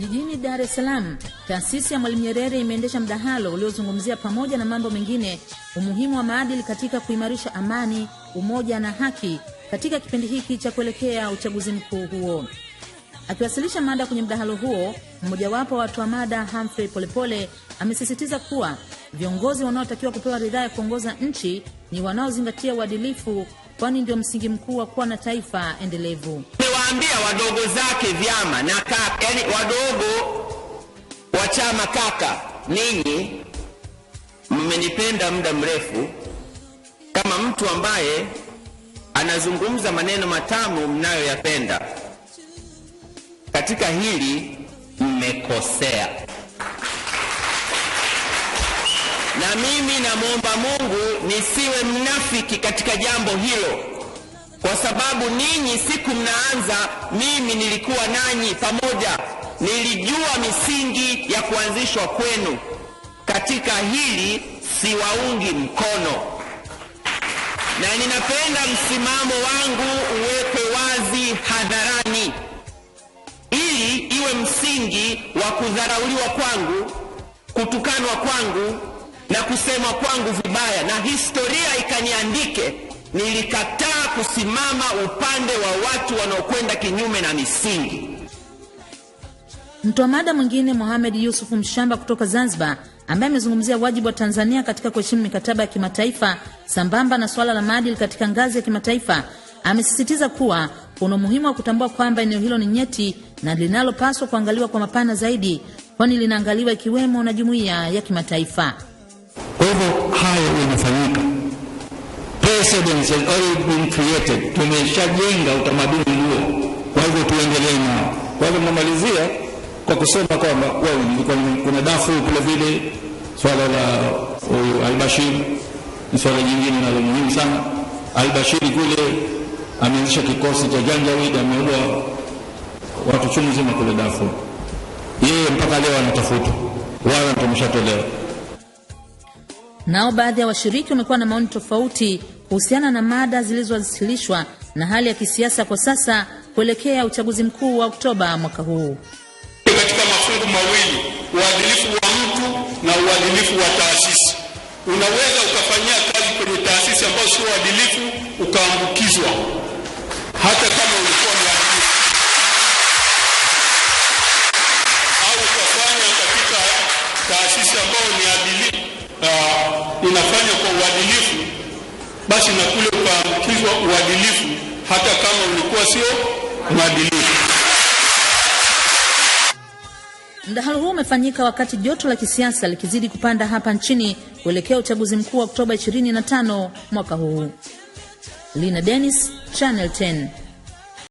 Jijini Dar es Salaam, taasisi ya Mwalimu Nyerere imeendesha mdahalo uliozungumzia pamoja na mambo mengine umuhimu wa maadili katika kuimarisha amani, umoja na haki katika kipindi hiki cha kuelekea uchaguzi mkuu huo. Akiwasilisha mada kwenye mdahalo huo, mmojawapo wa watoa mada Humphrey Polepole amesisitiza kuwa viongozi wanaotakiwa kupewa ridhaa ya kuongoza nchi ni wanaozingatia uadilifu, kwani ndio msingi mkuu wa kuwa na taifa endelevu anaambia wadogo zake vyama na kaka, yani wadogo wa chama, kaka, ninyi mmenipenda muda mrefu. Kama mtu ambaye anazungumza maneno matamu mnayoyapenda, katika hili mmekosea, na mimi namwomba Mungu nisiwe mnafiki katika jambo hilo kwa sababu ninyi siku mnaanza, mimi nilikuwa nanyi pamoja, nilijua misingi ya kuanzishwa kwenu. Katika hili siwaungi mkono, na ninapenda msimamo wangu uwekwe wazi hadharani, ili iwe msingi wa kudharauliwa kwangu, kutukanwa kwangu na kusemwa kwangu vibaya, na historia ikaniandike nilikataa kusimama upande wa watu wanaokwenda kinyume na misingi. Mtoa mada mwingine Mohamed Yusuf Mshamba kutoka Zanzibar, ambaye amezungumzia wajibu wa Tanzania katika kuheshimu mikataba ya kimataifa sambamba na suala la maadili katika ngazi ya kimataifa, amesisitiza kuwa kuna umuhimu wa kutambua kwamba eneo hilo ni nyeti na linalopaswa kuangaliwa kwa mapana zaidi, kwani linaangaliwa ikiwemo na jumuiya ya kimataifa. Kwa hivyo hayo yanafanyika precedents has already been created, tumeshajenga utamaduni huo, kwa hivyo tuendelee nao. Kwa hivyo namalizia kwa kusema kwamba kuna dafu vile vile, swala la huyu uh, Albashir ni swala jingine nalo muhimu sana. Albashiri kule ameanzisha kikosi cha Janjawid, ameua watu chungu nzima kule Darfur. Yeye mpaka leo anatafutwa, wala tumeshatolewa nao. Baadhi ya washiriki wamekuwa na maoni tofauti kuhusiana na mada zilizowasilishwa na hali ya kisiasa kwa sasa kuelekea uchaguzi mkuu wa Oktoba mwaka huu. Katika mafungu mawili, uadilifu wa mtu na uadilifu wa taasisi. Unaweza ukafanyia kazi kwenye taasisi ambayo sio uadilifu ukaambukizwa, hata kama ulikuwa mwadilifu, au ukafanya katika taasisi ambayo ni adilifu, uh, inafanya kwa uadilifu basi na kule ukaambukizwa uadilifu, hata kama ulikuwa sio mwadilifu. Mdahalo huu umefanyika wakati joto la kisiasa likizidi kupanda hapa nchini kuelekea uchaguzi mkuu wa Oktoba 25 mwaka huu. Lina Dennis, Channel 10.